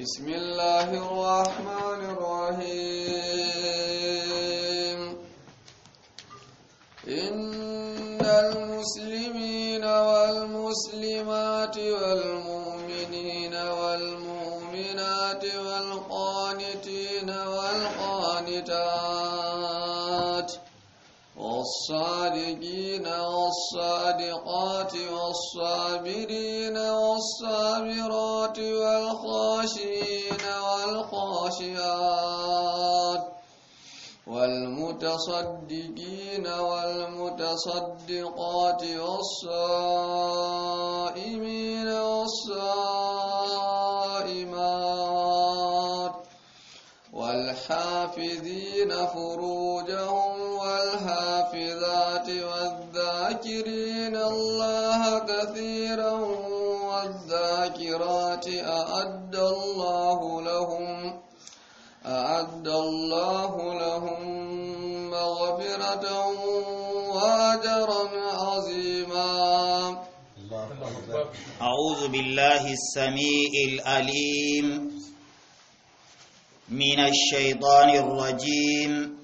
بسم الله الرحمن الرحيم إن المسلمين والمسلمات والمسلمين والصادقين والصادقات والصابرين والصابرات والخاشين والخاشعات والمتصدقين والمتصدقات والصائمين والصائمات والحافظين فروجهم الحافظات والذاكرين الله كثيرا والذاكرات أعد الله لهم أعد الله لهم مغفرة وأجرا عظيما أعوذ بالله السميع الأليم من الشيطان الرجيم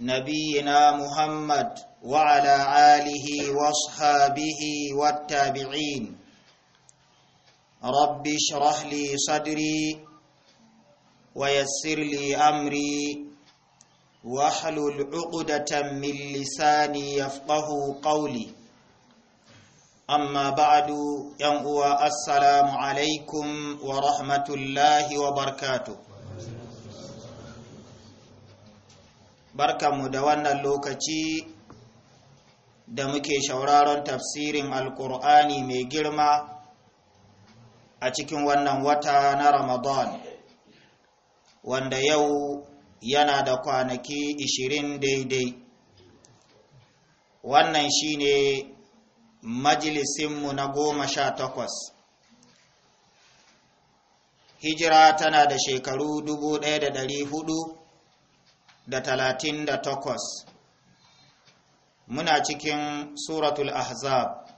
نبينا محمد وعلى آله واصحابه والتابعين رب اشرح لي صدري ويسر لي أمري واحلل عقدة من لساني يفقه قولي أما بعد ينقوى السلام عليكم ورحمة الله وبركاته barkanmu da wannan lokaci da muke shauraron tafsirin alkur'ani mai girma a cikin wannan wata na ramadan wanda yau yana da kwanaki ishirin daidai wannan shine majalisinmu na goma sha takwas hijira tana da shekaru dubu ɗaya da ɗari hudu da talatin da takwas muna cikin suratul ahzab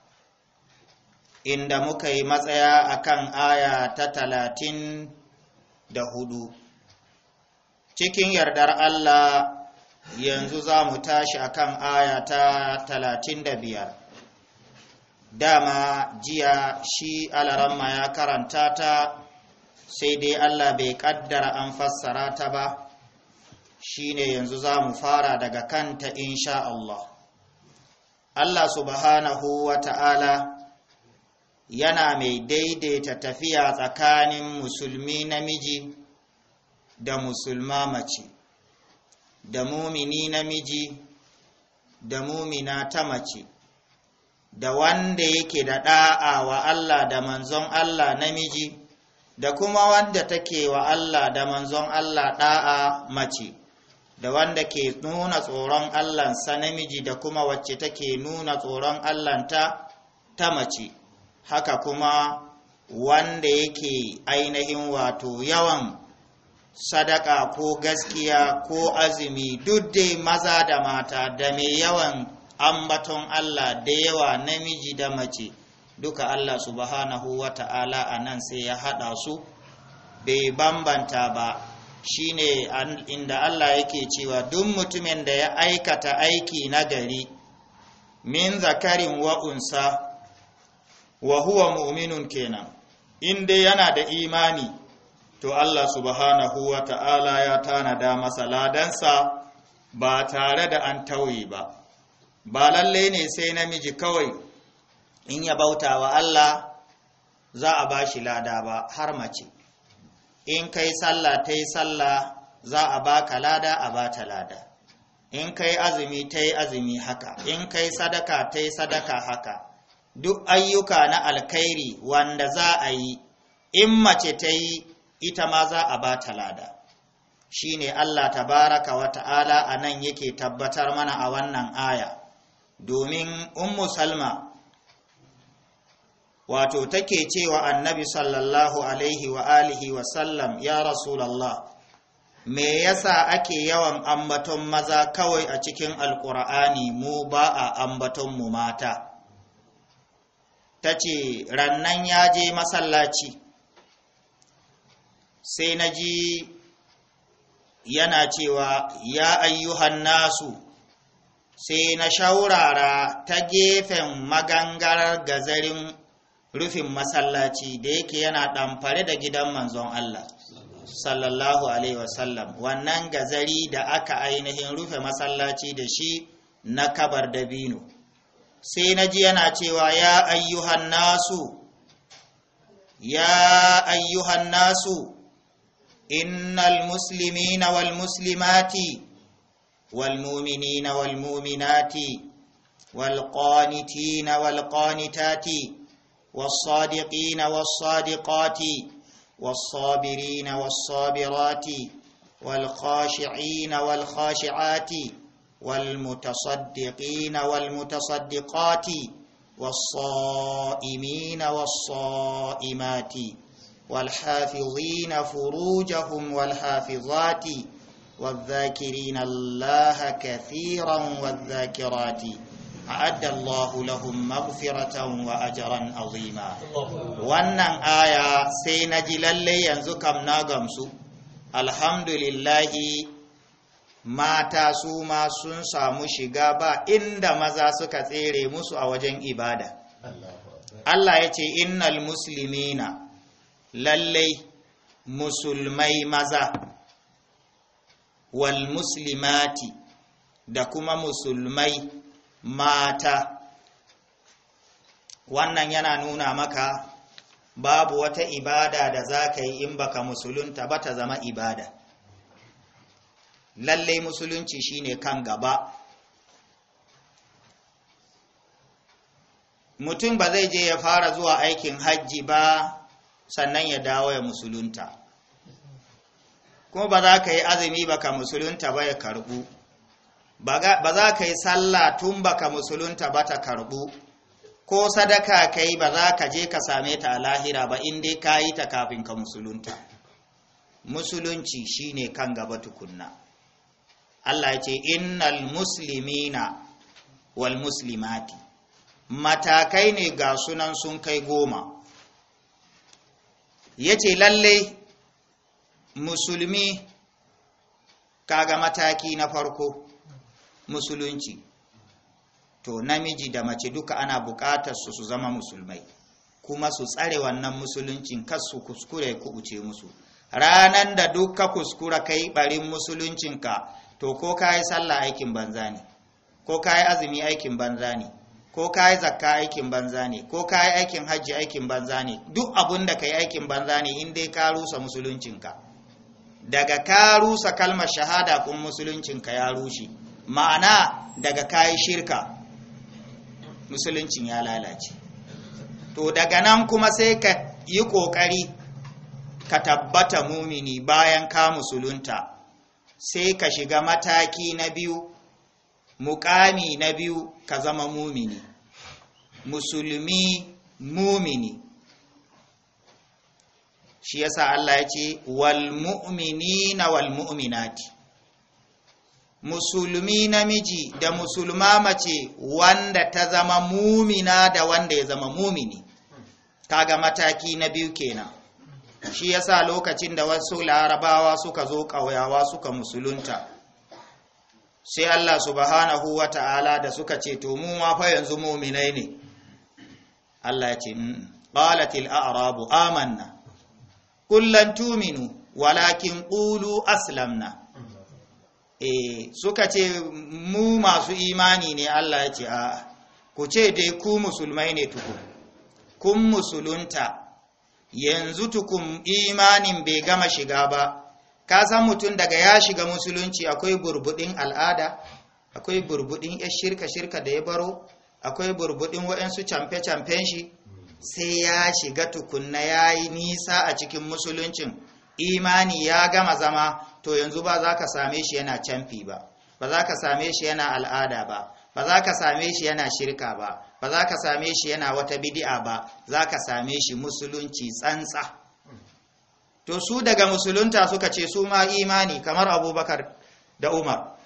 inda muka yi matsaya akan aya ta talatin da hudu cikin yardar Allah yanzu za mu tashi akan aya ta talatin da biyar dama jiya shi alaramma ya karanta ta sai dai Allah bai kaddara an fassara ta ba shine yanzu za mu fara daga kanta insha Allah Allah subhanahu wa ta'ala yana mai daidaita tafiya tsakanin musulmi namiji da musulma mace da mumini namiji da mumina ta mace da wanda yake da ɗa'a wa Allah da manzon Allah namiji da kuma wanda take wa Allah da manzon Allah ɗa'a mace da wanda ke nuna tsoron Allahnsa namiji da kuma wacce take nuna tsoron allah ta ta mace, haka kuma wanda yake ainihin wato yawan sadaka ko gaskiya ko azumi duk dai maza da mata da mai yawan ambaton Allah da yawa namiji da mace duka Allah subhanahu wa ta'ala a nan sai ya haɗa su bai bambanta ba shine inda Allah yake cewa duk mutumin da ya aikata aiki na gari min zakarin wa'unsa unsa wa huwa mu'minun kenan in dai yana da imani to Allah subhanahu wa ta'ala ya tanada masa ladansa ba tare da an tauye ba ba lalle ne sai namiji kawai in ya bauta wa Allah za a ba shi lada ba har mace in kai sallah ta yi sallah za a baka lada a ba ta lada in kai azumi ta yi azumi haka in kai sadaka ta yi sadaka haka duk ayyuka na alkhairi wanda za a yi in mace ta yi ita ma za a ba ta lada Shi ne Allah ta baraka wa ta'ala nan yake tabbatar mana a wannan aya domin in musulma wato take cewa annabi sallallahu alaihi wa alihi wa sallam ya rasulallah me yasa ake yawan ambaton maza kawai a cikin alkur'ani mu ba a ambaton mu mata ta ce rannan ya je masallaci sai na ji yana cewa ya ayyuhan nasu sai na shaurara ta gefen magangarar gazarin rufin masallaci da yake yana ɗamfare da gidan manzon Allah sallallahu alaihi wasallam wannan gazari da aka ainihin rufe masallaci da shi na kabar dabino sai na ji yana cewa ya ayyuhan nasu ya ayyuhan nasu innal muslimina wal muslimati wal mu'minina wal mu'minati wal qanitina wal qanitati والصادقين والصادقات والصابرين والصابرات والخاشعين والخاشعات والمتصدقين والمتصدقات والصائمين والصائمات والحافظين فروجهم والحافظات والذاكرين الله كثيرا والذاكرات Allahu lahum maghfiratan wa ajran azima wannan aya sai na ji lalle yanzu kam na gamsu alhamdulillahi mata su ma sun samu shiga ba inda maza suka tsere musu a wajen ibada Allah ya ce innal muslimina lallai musulmai maza wal muslimati da kuma musulmai mata wannan yana nuna maka babu wata ibada da za ka yi in baka musulunta ba ta zama ibada lallai musulunci shine kan gaba mutum ba zai je ya fara zuwa aikin hajji ba sannan ya dawo ya musulunta kuma ba za ka yi azumi baka musulunta ba ya karbu ba za ka yi sallah tun ka musulunta ba ta karɓu, ko sadaka ka yi ba za ka je ka same ta a lahira ba in dai ka yi ta kafin ka musulunta musulunci shi ne kan gaba tukunna Allah ya ce innal muslimina wal muslimati matakai ne ga sunan sun kai goma ya ce lalle musulmi kaga mataki na farko musulunci to namiji da mace duka ana buƙatar su su zama musulmai kuma su tsare wannan musuluncin kasu su kuskure uce musu ranan da duka kuskura kai barin musuluncinka to ko ka yi sallah aikin banza ne ko ka yi azumi aikin banza ne ko ka yi zakka aikin banza ne ko ka yi aikin hajji aikin banza ne duk abun da ka yi aikin banza ne in dai ka rusa musuluncinka daga ka rusa kalmar shahada kun musuluncinka ya rushe ma'ana daga kayi shirka musuluncin ya lalace to daga nan kuma sai ka yi ƙoƙari ka tabbata mumini bayan ka musulunta sai ka shiga mataki na biyu mukami na biyu ka zama mumini musulmi mumini shi yasa Allah ya ce wal mu'minina wal musulmi namiji da musulma mace wanda ta zama mumina da wanda ya zama mumini kaga mataki na biyu kenan shi yasa lokacin da wasu larabawa suka zo ƙauyawa suka musulunta sai Allah subhanahu wa ta'ala da suka ce to mu ma fa yanzu muminai ne Allah ya ce qalatil a'rabu amanna kullan tuminu walakin qulu aslamna e suka ce mu masu imani ne Allah ya ce a ku ce dai ku musulmai ne tukun kun musulunta yanzu tukun imanin bai gama shiga ba ka san mutum daga ya shiga musulunci akwai burbudin al'ada akwai burbudin ya shirka shirka da ya baro akwai burbudin waɗansu camfe-camfen shi sai ya shiga tukunna ya yi nisa a cikin musuluncin imani ya gama zama to yanzu ba za ka same shi yana canfi ba ba za ka same shi yana al'ada ba ba za ka same shi yana shirka ba ba za ka same shi yana wata bidi'a ba za ka same shi musulunci tsantsa to su daga musulunta suka ce su ma imani kamar abubakar da umar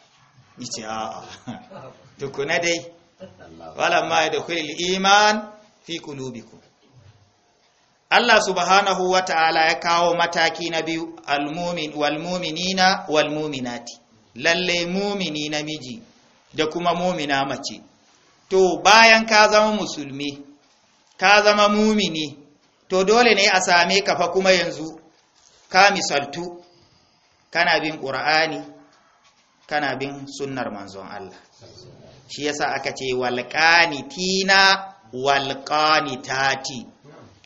yace a'a tukuna dai walamma yadkhulul iman fi qulubikum Allah subhanahu wa ta'ala ya kawo mataki na biyu almumin na walmuminati lalle mumini namiji da kuma mumina mace to bayan ka zama musulmi ka zama mumini to dole ne a same ka fa kuma yanzu ka misaltu kana bin ƙur'ani kana bin sunnar manzon Allah shi yasa aka ce walƙani tina walƙani tati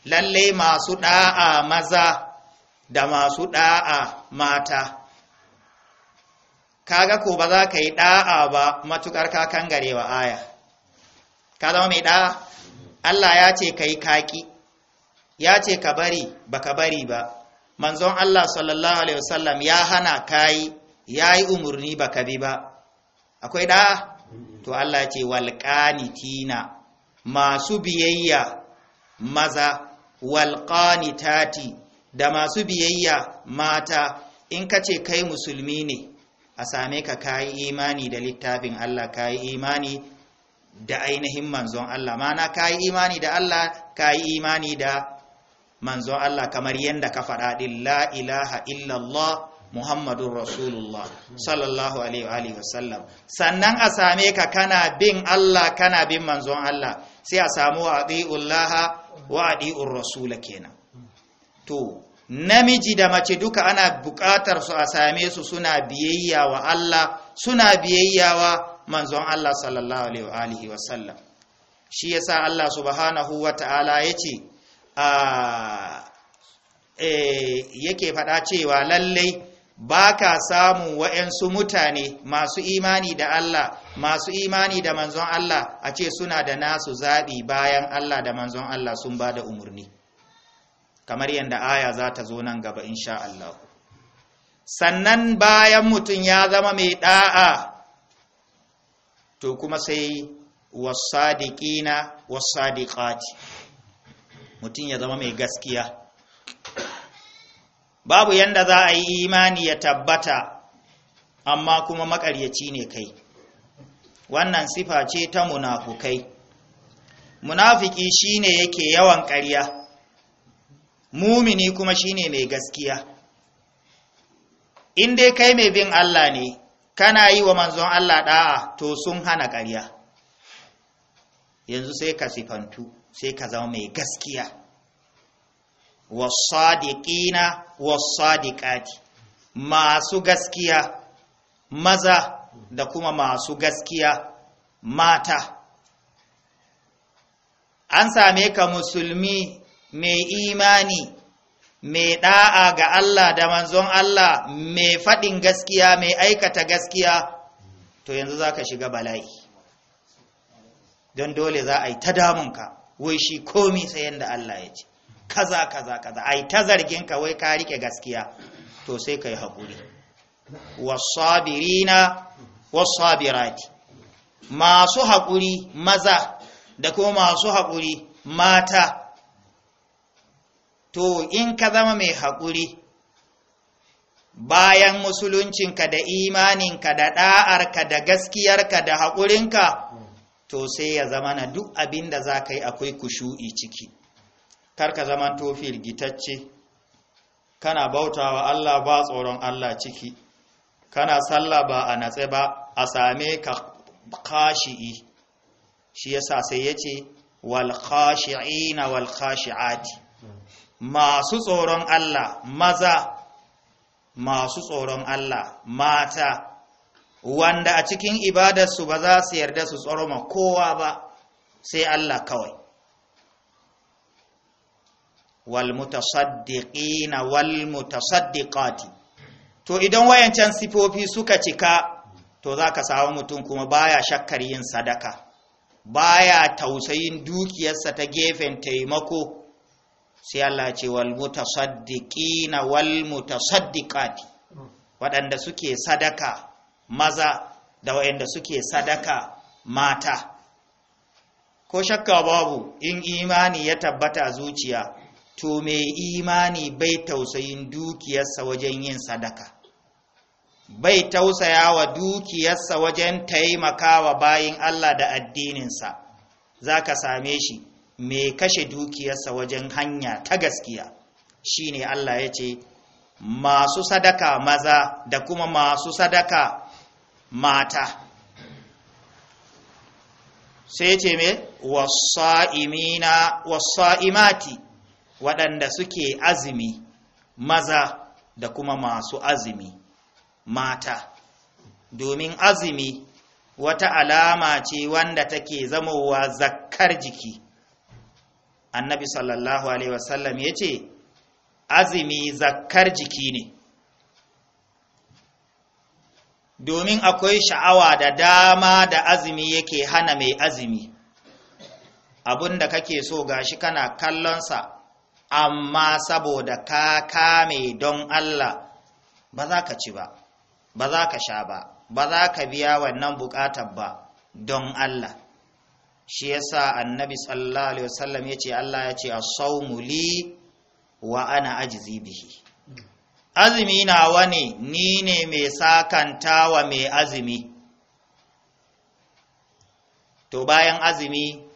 lalle masu ɗa'a maza da masu ɗa'a mata kaga ko ba za ka yi ɗa'a ba matukar ka gare wa aya ka zama mai da'a Allah ya ce ka yi kaki ya ce ka bari ba ka bari ba manzon Allah sallallahu alaihi wasallam ya hana kayi ya yi umarni ba ka bi ba akwai ɗa'a? to Allah ce tina. masu biyayya maza wal qanitati da masu biyayya mata in ka ce kai musulmi ne a same ka kayi imani da littafin Allah kayi imani da ainihin manzon Allah mana kayi imani da Allah kayi imani da manzon Allah kamar yadda ka faɗa din la ilaha illallah muhammadun rasulullah sallallahu alaihi wasallam sannan a same ka kana bin Allah kana bin manzon Allah sai a samu wa Wa'adi adi'ur rasula kenan to namiji da mace duka ana buƙatar su a same su suna biyayya wa Allah suna biyayya wa manzon Allah sallallahu alaihi wa sallam shi yasa Allah subhanahu wa ta'ala yace a eh, yake faɗa cewa lallai ba ka samu wa'yansu mutane masu imani da Allah masu imani da manzon Allah a ce suna da nasu zaɓi bayan Allah da manzon Allah sun ba da umarni kamar yadda aya za ta zo nan gaba insha Allah sannan bayan mutum ya zama mai ɗa'a to kuma sai wasadiƙina wasadiƙati mutum ya zama mai gaskiya babu yanda za a yi imani ya tabbata amma kuma makaryaci ne kai wannan sifa ce ta munafukai munafiki shine yake yawan ƙarya mumini kuma shine mai gaskiya in dai kai mai bin Allah ne kana yi wa manzon Allah da'a to sun hana ƙarya yanzu sai ka sifantu sai ka zama mai gaskiya wasadiƙina wasadiƙati masu gaskiya maza da kuma masu gaskiya mata an same ka musulmi mai imani mai da'a ga Allah da manzon Allah mai faɗin gaskiya mai aikata gaskiya to yanzu za ka shiga bala'i don dole za a yi ta damunka wai shi komi sayan da Allah ya ce kaza kaza kaza ai ta zargin ka wai ka rike gaskiya to sai kai hakuri wasabirina wasabirati masu hakuri maza da kuma masu hakuri mata to in ka zama mai hakuri bayan musuluncinka da imanin ka da ɗa'arka da gaskiyarka da haƙurinka to sai ya zama na duk abinda da za ka yi akwai kushu'i ciki karka zaman to firgitacce kana bautawa Allah ba tsoron Allah ciki kana sallah ba a natse ba a same ka khashi'i shi yasa sai yace wal khashi'ina wal khashi'ati masu tsoron Allah maza masu tsoron Allah mata wanda a cikin ibadarsu ba za su yarda su tsoroma kowa ba sai Allah kawai wal mutasaddiqina wal mutasaddiqati to idan wayancan sifofi suka cika to zaka samu mutum kuma baya shakkar yin sadaka baya tausayin dukiyarsa ta gefen taimako sai Allah ce wal mutasaddiqina wal mutasaddiqati waɗanda suke sadaka maza da waɗanda suke sadaka mata ko shakka babu in imani ya tabbata zuciya to mai imani bai tausayin dukiyarsa wajen yin sadaka bai tausaya wa dukiyarsa wajen taimakawa bayin Allah da addininsa za ka same shi mai kashe dukiyarsa wajen hanya ta gaskiya shine Allah ya ce masu sadaka maza da kuma masu sadaka mata sai ce me wasa imati. waɗanda suke azumi maza da kuma masu azumi mata domin azumi wata alama ce wanda take zamowa zakkar jiki annabi sallallahu alaihi wasallam ya ce azumi zakkar jiki ne domin akwai sha'awa da dama da azumi yake hana mai azumi abinda kake so gashi kana kallonsa amma saboda ka kame don Allah ba za ka ci ba ba za ka sha ba ba za ka biya wannan bukatar ba don Allah shi yasa annabi sallallahu alaihi wasallam yace Allah yace ce as-sawmu li wa ana ajzi bihi azumi na wani ni ne mai sakanta wa mai azumi to bayan azumi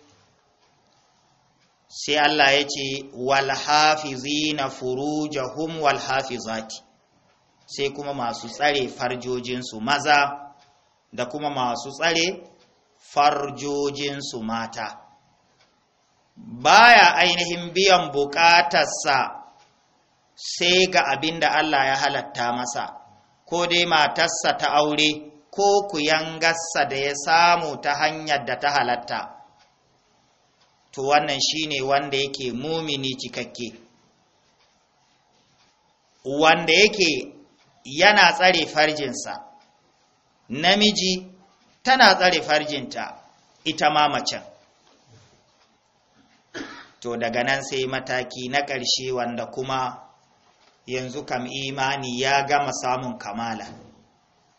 sai Allah ya ce walhafizina furujahum walhafizati sai kuma masu tsare farjojinsu maza da kuma masu tsare farjojinsu mata baya ainihin biyan bukatarsa sai ga abin da Allah ya halatta masa ko dai matarsa ta aure ko ku kuyangarsa da ya samu ta hanyar da ta halatta to wannan shine wanda yake mumini cikakke wanda yake yana tsare farjinsa namiji tana tsare farjinta ita ma macen to daga nan sai mataki na ƙarshe wanda kuma yanzu kam imani ya gama samun kamala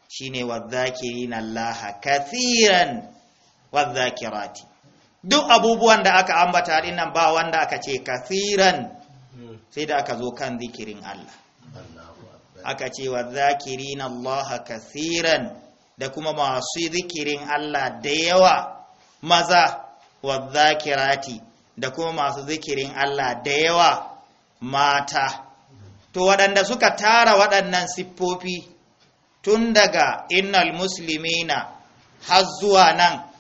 shine na kasiran kathiran kirati duk abubuwan da aka ambata dinnan ba wanda aka ce kasiran hmm. sai da aka zo kan zikirin Allah aka ce wa zakirin Allah kasiran da kuma masu zikirin Allah da yawa maza wa zakirati da kuma masu zikirin Allah da yawa mata to waɗanda suka tara waɗannan siffofi tun daga innal muslimina har zuwa nan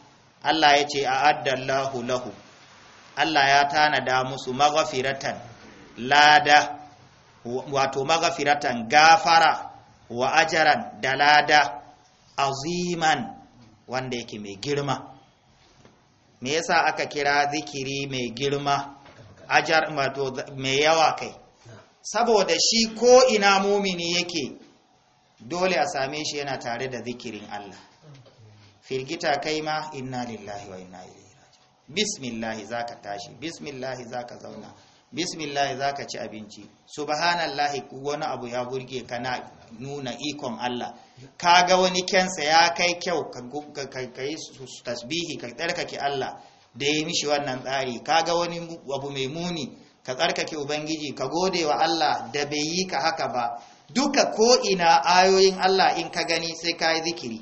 Allah ya ce a addallahu lahu Allah ya tanada musu maghfiratan lada wato maghfiratan gafara wa ajaran da lada aziman wanda yake mai girma me yasa aka kira zikiri mai girma ajar mai yawa kai saboda shi ko ina mumini yake dole a same shi yana tare da zikirin Allah firgita kai ma inna lillahi wa inna ilaihi za zaka tashi za zaka zauna bismillahi zaka ci abinci subhanallahi wani abu ya burge ka na nuna ikon Allah ka ga wani kensa ya kai kyau ka yi tasbihi ka tsarkake Allah da ya mishi wannan tsari ka ga wani abu mai muni ka tsarkake ubangiji ka gode wa Allah da bai yi ka haka ba duka ko ina ayoyin Allah in ka gani sai ka yi zikiri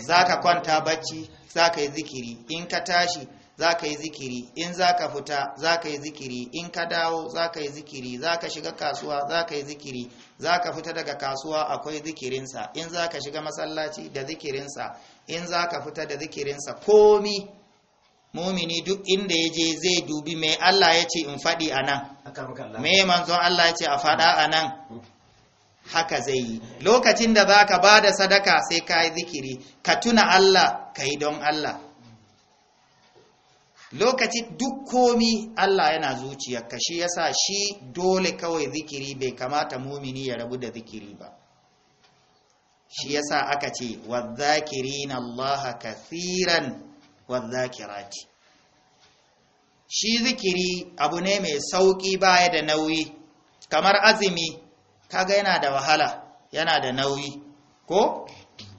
za ka kwanta bacci za ka yi zikiri in ka tashi za ka yi zikiri in za ka fita za ka yi zikiri in ka dawo za ka yi zikiri za ka shiga kasuwa za ka yi zikiri za ka fita daga kasuwa akwai zikirinsa in za ka shiga masallaci da zikirinsa in za ka fita da zikirinsa komi mumini duk inda ya je zai dubi mai Allah ya ce in faɗi a nan mai manzon Allah ya ce a faɗa a nan mm. haka zai yi lokacin da za ka ba da sadaka sai ka yi zikiri ka tuna Allah ka yi don Allah lokacin duk komi Allah yana zuciyarka shi yasa shi dole kawai zikiri bai kamata mumini ya rabu da zikiri ba shi yasa aka ce wadhakirin Allah kathiran zakirati shi zikiri abu ne mai sauki baya da nauyi kamar azumi kaga yana da wahala yana da nauyi ko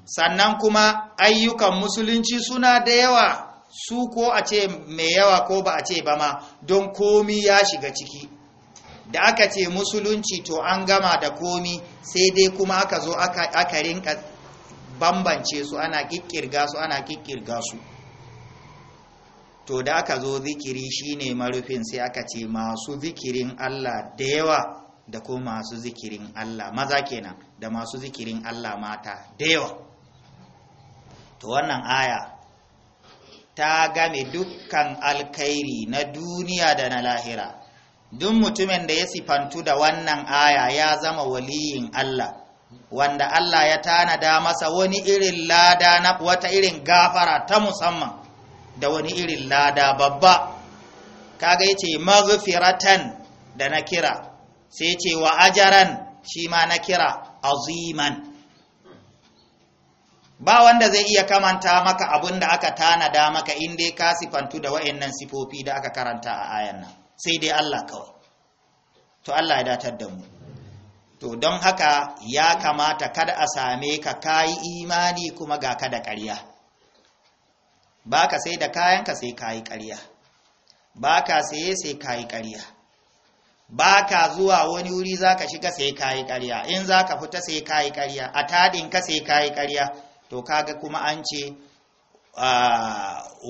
sannan kuma ayyukan musulunci suna da yawa su ko a ce mai yawa ko ba a ce ba ma don komi ya shiga ciki da aka ce musulunci to an gama da komi sai dai kuma aka zo aka rinka bambance su ana kikkirga su ana kikkirga su to da aka zo zikiri shine marufin sai aka ce masu zikirin Allah da yawa da ko masu zikirin Allah maza kenan da masu zikirin Allah mata da yawa to wannan aya ta game dukkan alkhairi na duniya da na lahira duk mutumin da ya sifantu da wannan aya ya zama waliyin Allah wanda Allah ya tanada masa wani irin lada na wata irin gafara ta musamman da wani irin lada babba kaga yace maghfiratan da na kira sai ce wa ajaran shi ma na kira aziman ba wanda zai iya kamanta maka abin da aka tanada maka inda dai ka sifantu da wa'annan sifofi da aka karanta a ayan nan sai dai Allah kawai to Allah ya datar da mu to don haka ya kamata kada a same ka kayi imani kuma ga ka da ƙarya ba ka sai da kayanka sai kayi ƙarya ba ka saye sai kayi ƙarya ba ka zuwa wani wuri za ka shiga sai ka yi ƙarya in za ka fita sai ka yi ƙarya a taɗinka sai ka yi ƙarya to kaga kuma an ce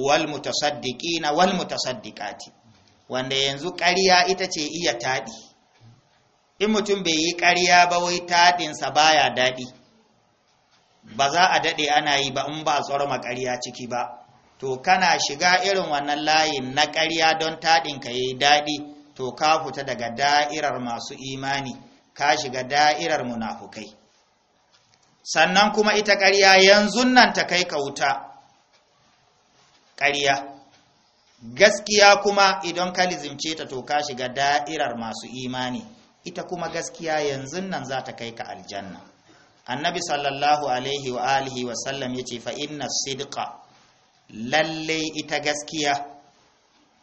wal mutasaddiki na wal mutasaddiqati wanda yanzu ƙarya ita ce iya taɗi in mutum bai yi ƙarya ba wai taɗinsa baya daɗi ba za a daɗe ana yi ba in ba a tsoroma ƙarya ciki ba to kana shiga irin wannan layin na ƙarya don taɗinka ya yi daɗi to ka fita daga da'irar masu imani ka shiga da'irar munafukai sannan kuma ita ƙarya yanzu nan ta kai ka wuta ƙarya gaskiya kuma idan ka lizimce ta to ka shiga da'irar masu imani ita kuma gaskiya yanzu nan za ta kai ka aljanna annabi sallallahu alaihi wa alihi wa sallam yace fa inna sidqa lallai ita gaskiya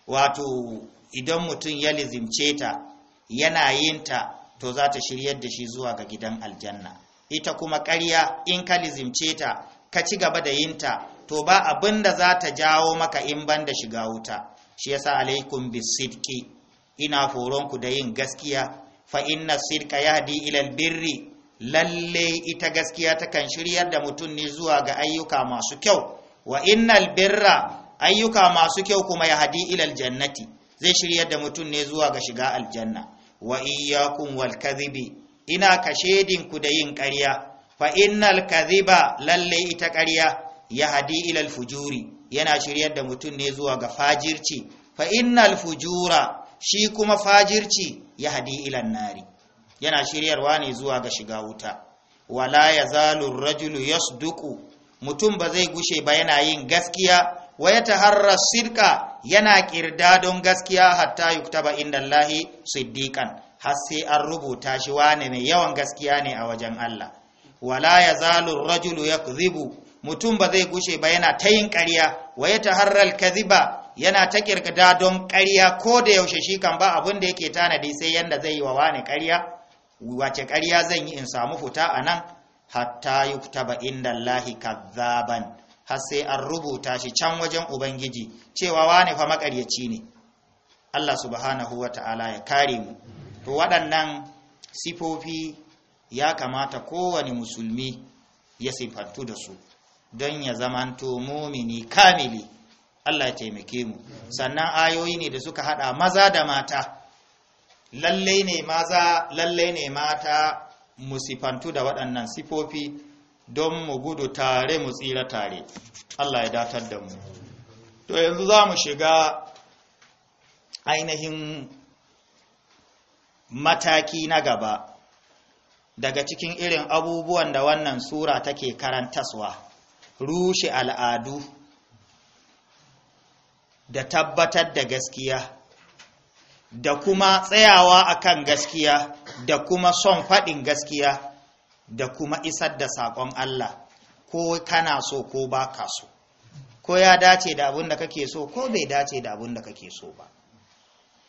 wato idan mutum ya lizimce ta yana yin ta to za ta shiryar da shi zuwa ga gidan aljanna ita kuma ƙarya in ka lizimce ta ka ci gaba da yin ta to ba abin da za ta jawo maka in ban da shiga wuta shi yasa alaikum bisidqi ina horonku da yin gaskiya fa inna sidqa yahdi ila albirri lalle ita gaskiya takan shiryar da mutum ne zuwa ga ayyuka masu kyau wa innal birra ayyuka masu kyau kuma ya hadi ilal jannati zai shiryar da mutum ne zuwa ga shiga aljanna wa iyyakum wal kadhibi ina kashedin ku da yin ƙarya fa innal kadhiba lalle ita ƙarya hadi ila al fujuri yana shiryar da mutum ne zuwa ga fajirci fa innal fujura shi kuma fajirci ya hadi ila nari yana shiryarwa ne zuwa ga shiga wuta wala yazalu rajulu yasduqu mutum ba zai gushe ba yana yin gaskiya wa yataharra sirka yana kirda don gaskiya hatta yuktaba inda Allahi siddiqan har sai an rubuta shi wane mai yawan gaskiya ne a wajen Allah wala ya zalu, rajulu yakdhibu mutum ba zai gushe ba yana ta yin ƙarya wa ya taharral kadhiba yana ta kirkida don ƙarya ko da yaushe shi kan ba abin da yake tanadi sai yanda zai yi wa wane ƙarya wace ƙarya zan yi in samu fita a nan hatta yuktaba inda Allahi kadhaban har sai an rubuta shi can wajen ubangiji cewa wane fa makaryaci ne Allah subhanahu wa ta'ala ya kare mu to waɗannan sifofi ya kamata kowane musulmi ya sifantu da su don ya zamanto mumini kamili Allah ya taimake mu sannan ayoyi ne da suka hada maza da mata lallai ne maza lallai ne mata musifantu da waɗannan sifofi don mu gudu tare mu tsira tare Allah ya datar da mu to yanzu za mu shiga ainihin mataki na gaba daga cikin irin abubuwan da wannan sura take karantaswa rushe al'adu da tabbatar da gaskiya da kuma tsayawa akan gaskiya da kuma son faɗin gaskiya da kuma isar da saƙon Allah ko kana so ko ba ka so ko ya dace da abin da kake so ko bai dace da abin da kake so ba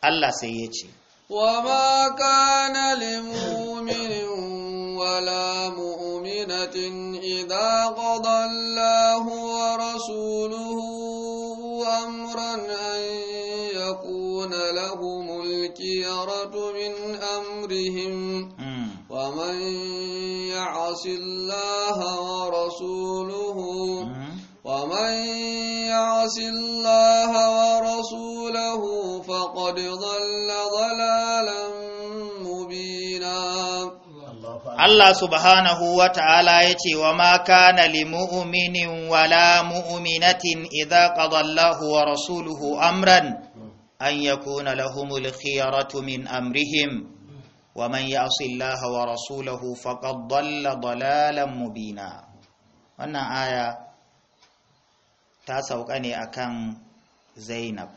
Allah sai ya ce wa ma kana limuminin mu'minin wala mu'minatin idza qada Allahu wa rasuluhu amran an yakuna lahumul khiyaratu min amrihim hmm. wa man يعص الله ورسوله ومن يعص الله ورسوله فقد ضل ضلالا مبينا الله سبحانه وتعالى يتي وما كان لمؤمن ولا مؤمنة إذا قضى الله ورسوله أمرا أن يكون لهم الخيرة من أمرهم ومن يعص الله ورسوله فقد ضل ضلالا مبينا wannan aya ta sauka ne akan Zainab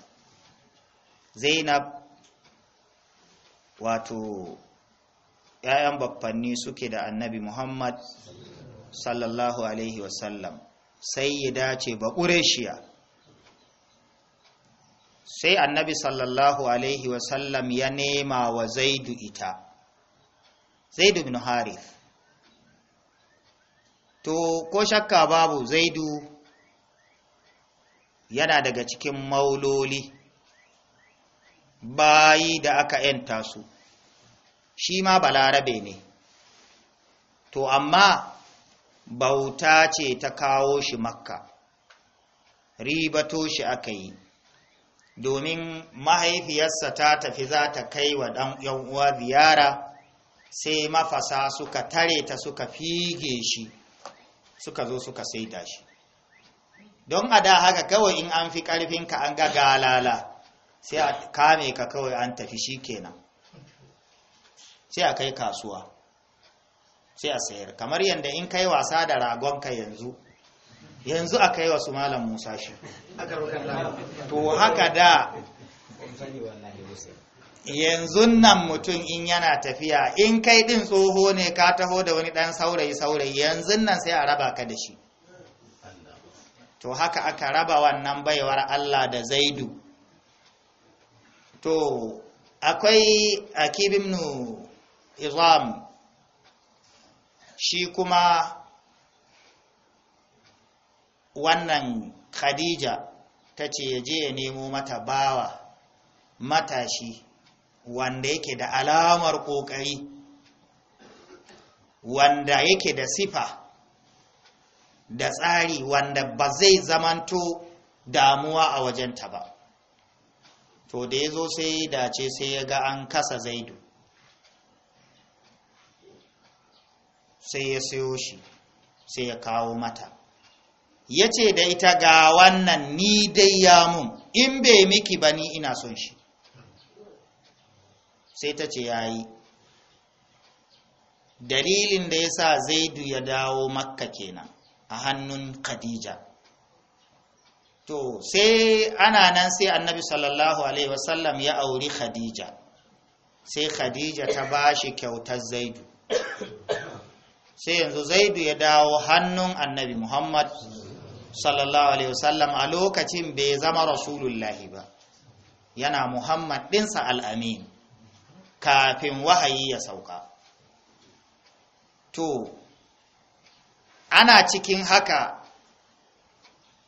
Zainab wato ‘ya'yan baffanni suke da annabi Muhammad sallallahu Alaihi wasallam sai ya dace ba ƙureshiya sai annabi sallallahu Alaihi wasallam ya nema wa zaidu ita zaidu bin harith to ko shakka babu zaidu yana daga cikin mauloli bayi da aka yanta su shi ma balarabe ne to amma bauta ce ta kawo shi makka ribato shi aka yi domin mahaifiyarsa ta tafi za ta kai wa ɗan uwa ziyara sai mafasa suka tare ta suka fige shi suka zo suka saida shi don a da haka kawai in an fi ƙarfinka an ga galala sai a kame ka kawai an tafi shi kenan sai a kai kasuwa sai a sayar kamar yadda in kai wasa da ragonka yanzu yanzu a kai wasu malam musa to haka da yanzu nan mutum in yana tafiya in kai din tsoho ne ka taho da wani dan saurayi saurayi yanzu nan sai a raba ka da shi to haka aka raba wannan baiwar Allah da zaidu to akwai akib ibn izam shi kuma wannan khadija ta ce ya je ya nemo mata bawa matashi wanda yake da alamar ƙoƙari wanda yake da sifa da tsari wanda ba zai zamanto damuwa a wajenta ba to da ya zo sai dace sai ya ga an kasa zaidu sai ya sayo shi sai ya kawo mata ya ce da ita ga wannan ni dai ya mun in bai miki ba ni ina son shi sai ta ce ya yi dalilin da ya sa zaidu ya dawo makka kenan a hannun khadija to sai ana nan sai annabi sallallahu alaihi wasallam ya auri khadija sai khadija ta ba shi kyautar zaidu sai yanzu zaidu ya dawo hannun annabi muhammad sallallahu alaihi wasallam a lokacin bai zama rasulullahi ba yana muhammad ɗinsa al'amin kafin wahayi ya sauka to ana cikin haka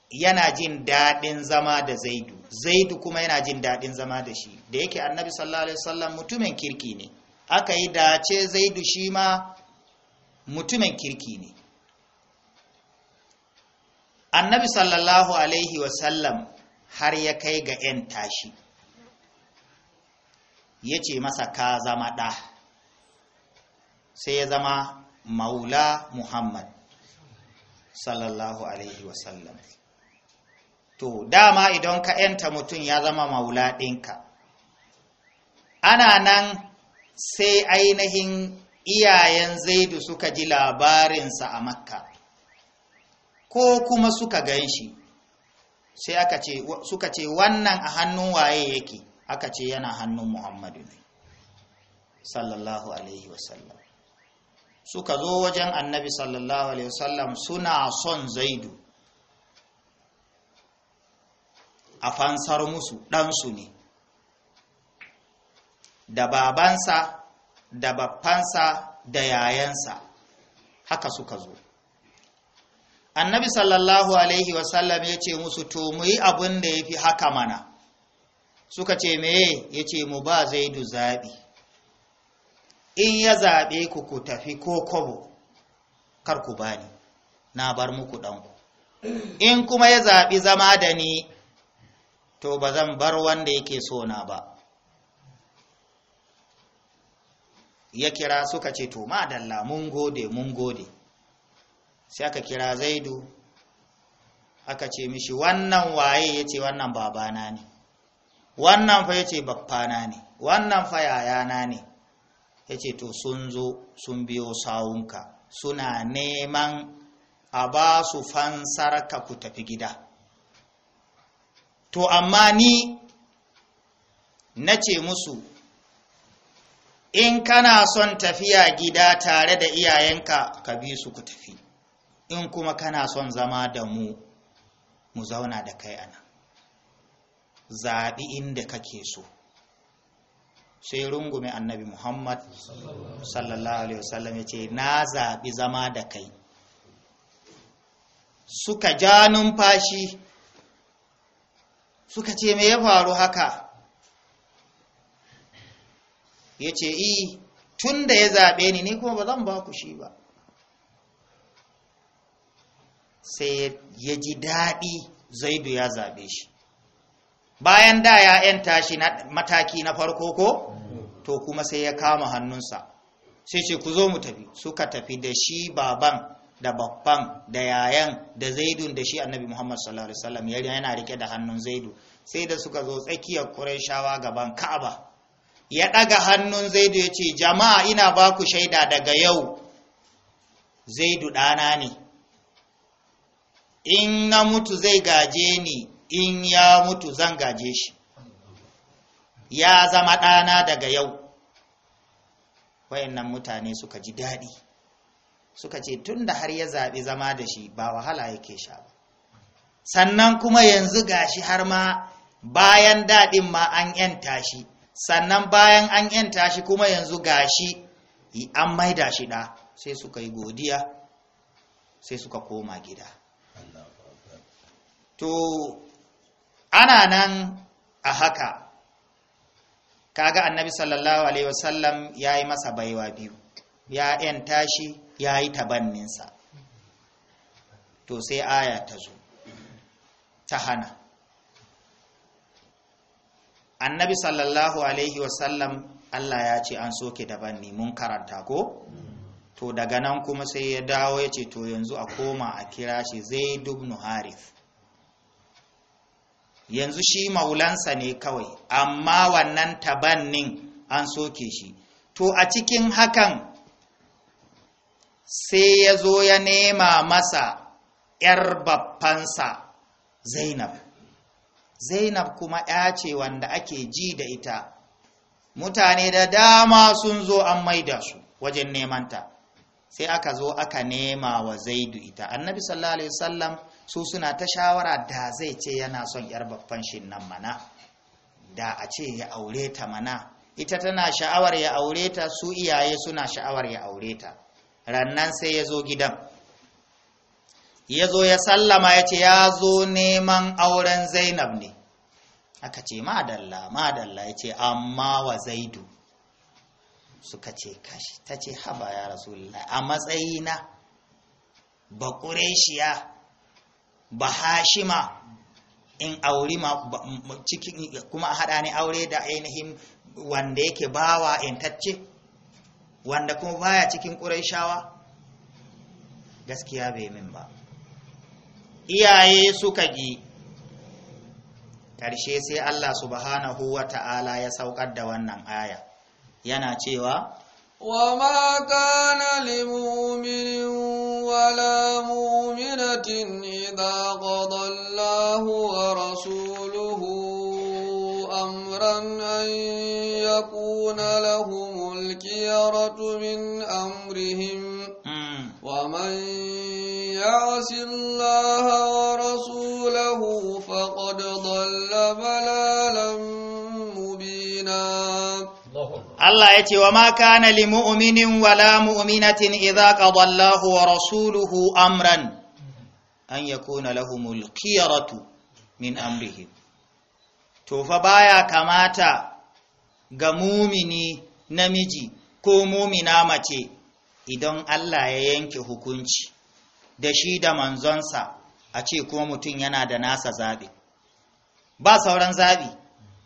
yana jin daɗin zama da zaidu zaidu kuma yana jin daɗin zama da shi da yake annabi sallallahu alaihi wasallam mutumin kirki ne aka yi dace zaidu shi ma mutumin kirki ne annabi sallallahu alaihi wasallam har ya kai ga 'yan tashi ya ce masa ka zama ɗa sai ya zama maula muhammad sallallahu alaihi wasallam to dama idan ka ‘yanta mutum ya zama maula ɗinka ana nan sai ainihin iyayen zaidu suka ji labarinsa a makka ko kuma suka gan shi sai suka ce wannan a hannun waye yake aka ce yana hannun muhammadu ne sallallahu alaihi wasallam suka zo wajen annabi sallallahu alaihi wasallam suna son zaidu a fansar musu ɗansu ne da babansa da babbansa da yayansa haka suka zo annabi sallallahu alaihi wasallam ya ce musu to mu yi abin da ya fi haka mana suka ce meye ya ce mu ba zaidu zaɓi in ya zaɓe ku ku tafi ko kobo kar ku bani na bar muku ɗanku in kuma ya zaɓi zama da ni to ba zan bar wanda yake so na ba ya kira suka ce to madalla mun gode mun gode sai aka kira zaidu aka ce mishi wannan waye ya ce wannan babana ne wannan fa yace baffana ne wannan fa yayana ne yace to sun zo sun biyo sawunka suna neman a ba su fansar ka ku tafi gida to amma ni na ce musu in kana son tafiya gida tare da iyayenka ka bi su ku tafi in kuma kana son zama da mu mu zauna da kai ana zaɓi inda kake so sai rungume annabi muhammad sallallahu alaihi wasallam ya ce na zaɓi zama da kai suka ja numfashi suka ce me ya faru haka ya ce i tun da ya zaɓe ni ne kuma ba zan ba ku shi ba sai ya ji daɗi zaidu ya zaɓe shi bayan da 'ya'yan tashi na mataki na farko ko to kuma sai ya kama hannunsa sai ce ku zo mu tafi suka tafi da shi baban da babban da yayan da zaidun da shi annabi muhammad sallallahu alaihi wasallam yana rike da hannun zaidu sai da suka zo tsakiyar shawa gaban ka'aba ya daga hannun zaidu ya ce jama'a ina ba ku shaida daga yau zaidu ɗana ne in na mutu zai gaje ni in ya mutu zan gaje shi ya zama ɗana daga yau wayannan mutane suka ji daɗi suka ce tun da har ya zaɓi zama da shi ba wahala yake sha ba sannan kuma yanzu gashi har ma bayan daɗin ma an ‘yanta shi sannan bayan an ‘yanta shi kuma yanzu gashi an maida shi ɗa sai suka yi godiya sai suka koma gida to ana nan a haka kaga annabi sallallahu alaihi wasallam ya yi masa baiwa biyu ya ‘yan tashi ya yi tabanninsa to sai aya ta zo ta hana annabi sallallahu alaihi wasallam Allah ya ce an soke dabanni mun karanta ko to daga nan kuma sai ya dawo ya ce to yanzu a koma a kira shi zai dubnu harith yanzu shi maulansa ne kawai amma wannan tabannin an soke shi to a cikin hakan sai ya zo ya nema masa 'yar babbansa zainab zainab kuma 'ya ce wanda ake ji da ita mutane da dama sun zo an maida su wajen nemanta sai aka zo aka nema wa zaidu ita annabi sallallahu alaihi wasallam su suna ta shawara da zai ce yana son yar babban shi nan mana da a ce ya aure ta mana ita tana sha'awar ya aure ta su iyaye suna sha'awar ya aure ta rannan sai ya zo gidan ya zo ya sallama ya ce ya zo neman auren zainab ne aka ce madalla madalla ya ce amma wa zaidu suka ce kashi ta ce haba ya a matsayina shi ya. Ba Hashima in auri cikin kuma haɗa ni aure da ainihin wanda yake bawa intacce wanda kuma baya cikin ƙuraishawa gaskiya bai min ba iyaye suka gi ƙarshe sai Allah subhanahu wa ta'ala ya saukar da wannan aya yana cewa وما كان لمؤمن ولا مؤمنة إذا قضى الله ورسوله أمرا أن يكون لهم الكيرة من أمرهم ومن يعص الله ورسوله فقد ضل ضلالا Allah ya ce wa ma kana li mu'minin wala mu'minatin idza qada Allahu wa rasuluhu amran an yakuna lahumul khiyaratu min amrihim to fa baya kamata ga mumini namiji ko mumina mace idan Allah ya yanke hukunci da shi da manzonsa a ce kuma mutum yana da nasa zabi ba sauran zabi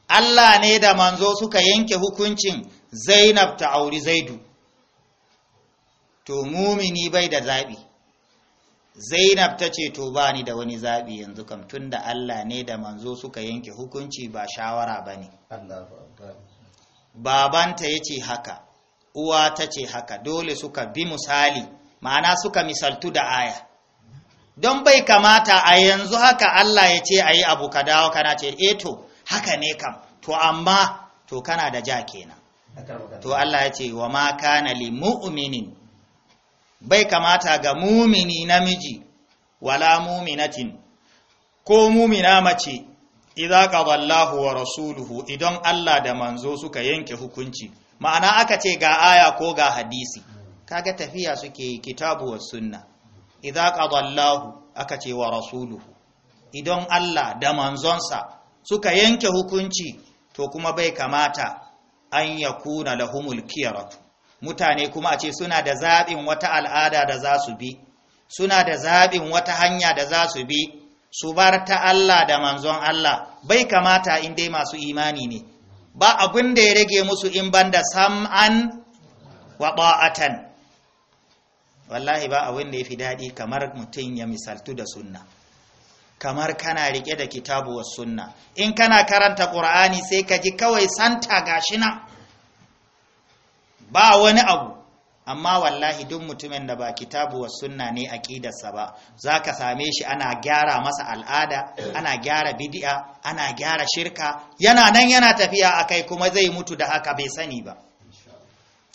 Allah ne da manzo suka yanke hukuncin zainab ta auri zaidu to mumini bai da zaɓi zainab ta ce to ba ni da wani zaɓi yanzu kam tun da allah ne da manzo suka yanke hukunci ba shawara ba ne babanta ya ce haka uwa ta ce haka dole suka bi misali ma'ana suka misaltu da aya don bai kamata a yanzu haka allah ya ce a yi abu ka dawo kana ce eto eh haka ne kam to amma to kana da ja kenan to Allah ya ce wa ma kana li mu'minin bai kamata ga mumini namiji wala muminatin ko mumina mace idza qadallahu wa rasuluhu idan Allah da manzo suka yanke hukunci ma'ana aka ce ga aya ko ga hadisi kaga tafiya suke kitabu was sunna idza qadallahu aka ce wa rasuluhu idan Allah da manzonsa suka yanke hukunci to kuma bai kamata an yakuna lahumul khiyaratu mutane kuma a ce suna da zaɓin wata al'ada da za su bi suna da zaɓin wata hanya da za su bi su bar ta Allah da manzon Allah bai kamata in dai masu imani ne ba abin da ya rage musu in banda sam'an wa ba'atan wallahi ba abin da ya fi daɗi kamar mutum ya misaltu da sunna kamar kana rike da kitabu wa sunna in kana karanta ƙur'ani sai ka ji kawai santa Gashina. ba wani abu amma wallahi duk mutumin da ba kitabu wa sunna ne aqidarsa ba zaka same shi ana gyara masa al'ada ana gyara bid'a ana gyara shirka yana nan yana tafiya akai kuma zai mutu da haka bai sani ba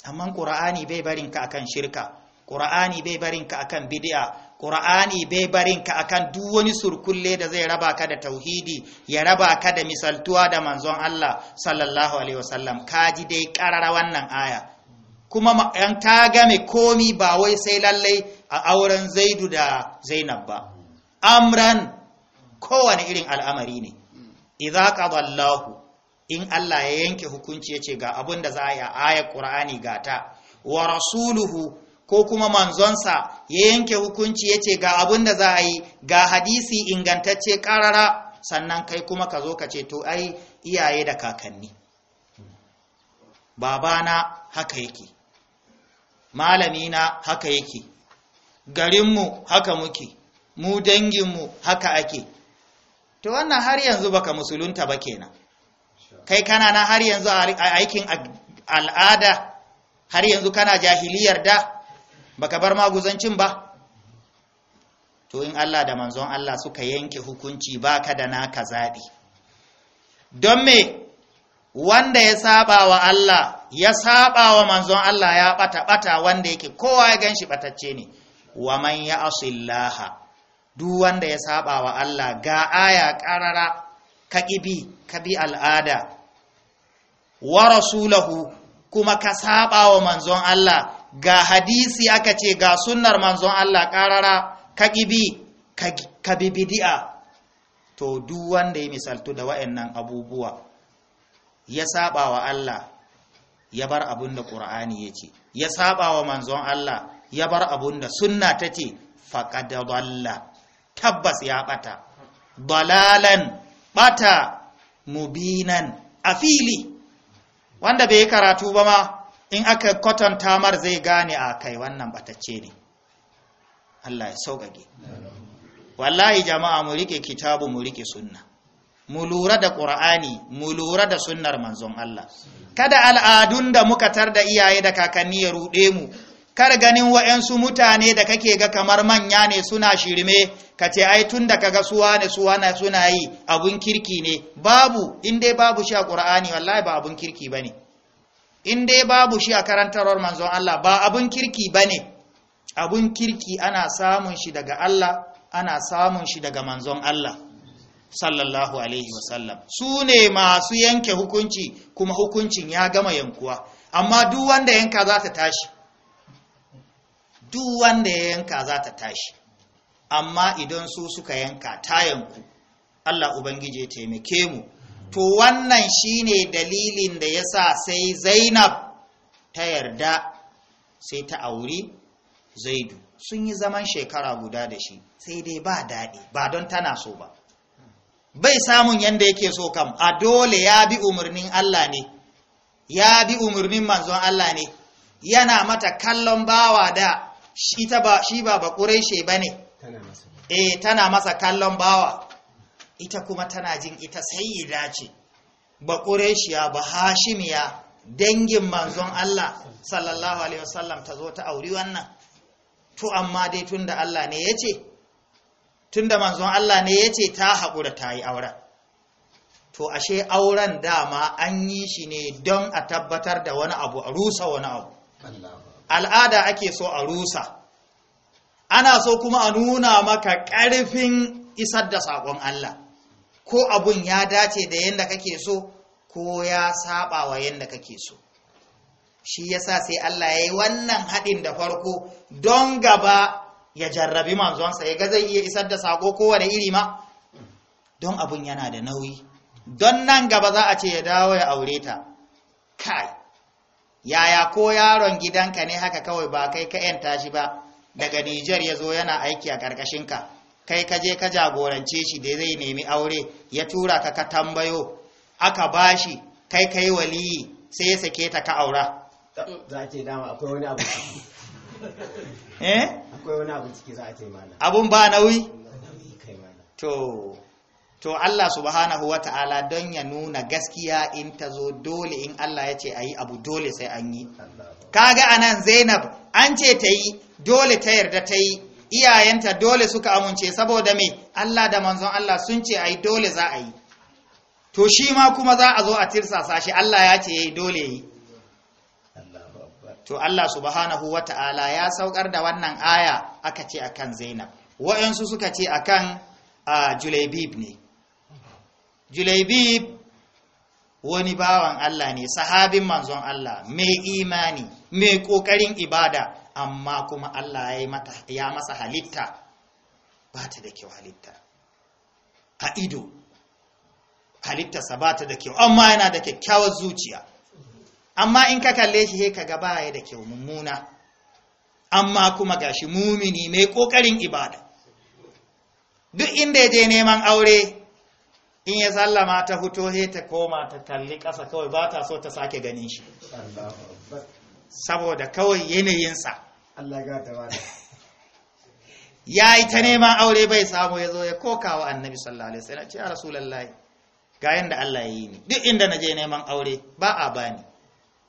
amma qur'ani bai barin ka akan shirka qur'ani bai barin ka akan bid'a Qur'ani bai barin ka akan duk wani surkulle da zai raba ka da tauhidi ya raba ka da misaltuwa da manzon Allah sallallahu alaihi wasallam kaji dai karara wannan aya kuma yan ta game komi ba wai sai lallai a auren zaidu da zainab ba amran kowane irin al'amari ne idza qadallahu in Allah ya yanke hukunci yace ga abin za a yi a Qur'ani gata wa rasuluhu ko kuma manzonsa ya yanke hukunci yace ga abin da za a yi ga hadisi ingantacce karara sannan kai kuma ka zo ka ce to ai iyaye da kakanni babana haka yake malami na haka yake garinmu haka muke mu danginmu haka ake to wannan har yanzu baka musulunta ba kenan kai kana na har yanzu aikin al'ada har yanzu kana jahiliyar da baka bar maguzancin ba to in Allah da manzon Allah suka yanke hukunci baka da naka zabi don me wanda ya saba wa Allah ya saba wa manzon Allah ya bata bata wanda yake kowa ya ganshi batacce ne wa man ya duk wanda ya saba wa Allah ga aya karara ka kibi ka bi al'ada wa rasulahu kuma ka saba wa manzon Allah ga hadisi aka ce ga sunnar manzon Allah karara ka kibi ka bi bid'a to duk wanda ya misaltu da wa'annan abubuwa ya saba wa Allah ya bar abun da ƙur'ani ya ce ya saba wa manzon Allah ya bar abun da sunna ta ce faƙada dalla tabbas ya ɓata dalalan ɓata mubinan a fili wanda bai yi karatu ba ma in aka kwatanta mar zai gane a kai wannan ɓatacce ne Allah ya sauƙaƙe wallahi jama'a mu riƙe kitabu mu riƙe sunna mu lura da ƙura'ani mu lura da sunnar manzon Allah kada al'adun da muka tar da iyaye da kakanni ya ruɗe mu kar ganin wa'yansu mutane da kake ga kamar manya ne suna shirme ka ce ai tun da kaga suwa ne suwa na suna yi abun kirki ne babu in dai babu shi a ƙura'ani wallahi ba abun kirki ba ne in dai babu shi a karantarwar manzon Allah ba abun kirki ba ne abun kirki ana samun shi daga Allah ana samun shi daga manzon Allah sallallahu alaihi wasallam su ne masu yanke hukunci kuma hukuncin ya gama yankuwa amma duk wanda yanka za ta tashi duk wanda ya yanka za ta tashi amma idan su suka yanka ta yanku Allah ubangije taimake mu to wannan shine dalilin da yasa sai Zainab ta yarda sai ta auri Zaidu sun yi zaman shekara guda da shi sai dai ba daɗi ba don tana so ba bai samun yanda yake so kam a dole ya bi umarnin Allah ne ya bi umarnin manzon Allah ne yana mata kallon bawa da shi ta ba shi ba bakureshe bane eh tana masa kallon bawa ita kuma tana jin ita sayyida ce bakureshiya ba hashimiya dangin manzon Allah sallallahu alaihi wasallam ta zo ta auri wannan to amma dai tunda Allah ne yace tunda manzon Allah ne yace ta haƙura ta yi auren to ashe auren dama an yi shi ne don a tabbatar da wani abu a rusa wani abu al'ada ake so a rusa ana so kuma a nuna maka ƙarfin isar da saƙon Allah ko abun ya dace da yadda kake so ko ya saba wa yadda kake so shi yasa sai Allah ya yi wannan haɗin da farko don gaba ya jarrabi manzonsa ya ga zai iya isar da sako kowane iri ma don abun yana da nauyi don nan gaba za a ce ya dawo ya aure ta kai yaya ko yaron gidanka ne haka kawai ba kai ka yanta shi ba daga Nijar ya zo yana aiki a ƙarƙashinka kai ka je ka jagorance shi da zai nemi aure ya tura ka ka tambayo aka bashi kai ka yi waliyi sai ya sake ta ka aura za ce dama akwai wani abu Eh? akwai wani abu ciki za a abun ba nauyi to to Allah subhanahu ta'ala don ya nuna gaskiya in ta zo dole in Allah ya ce a yi abu dole sai an yi kaga anan Zainab an ce ta yi dole ta yarda ta yi iyayenta dole suka amince saboda me Allah da manzon Allah sun ce a yi dole za a yi to shi ma kuma za a zo a tirsasa shi Allah ya ce ya yi dole yi to Allah subhanahu wata'ala ya saukar da wannan aya aka ce akan Zainab wayansu suka ce akan Julaibib ne Julaibib wani bawan Allah ne sahabin manzon Allah mai imani mai kokarin ibada amma kuma Allah ya masa halitta ba ta da kyau halitta a ido halittarsa ba da kyau amma yana da kyakkyawar zuciya amma in ka kalle shi he kaga baya da kyau mummuna amma kuma gashi mumini mai kokarin ibada duk inda je neman aure in ya sallama ta fito sai ta koma ta kalli ƙasa kawai ba ta so ta sake ganin shi saboda kawai sa, Allah ya ya yi ta neman aure bai samu ya zo ya koka wa annabi sallallahu alaihi wasallam ce ya rasulullahi ga yanda Allah ya yi ni duk inda na je neman aure ba a bani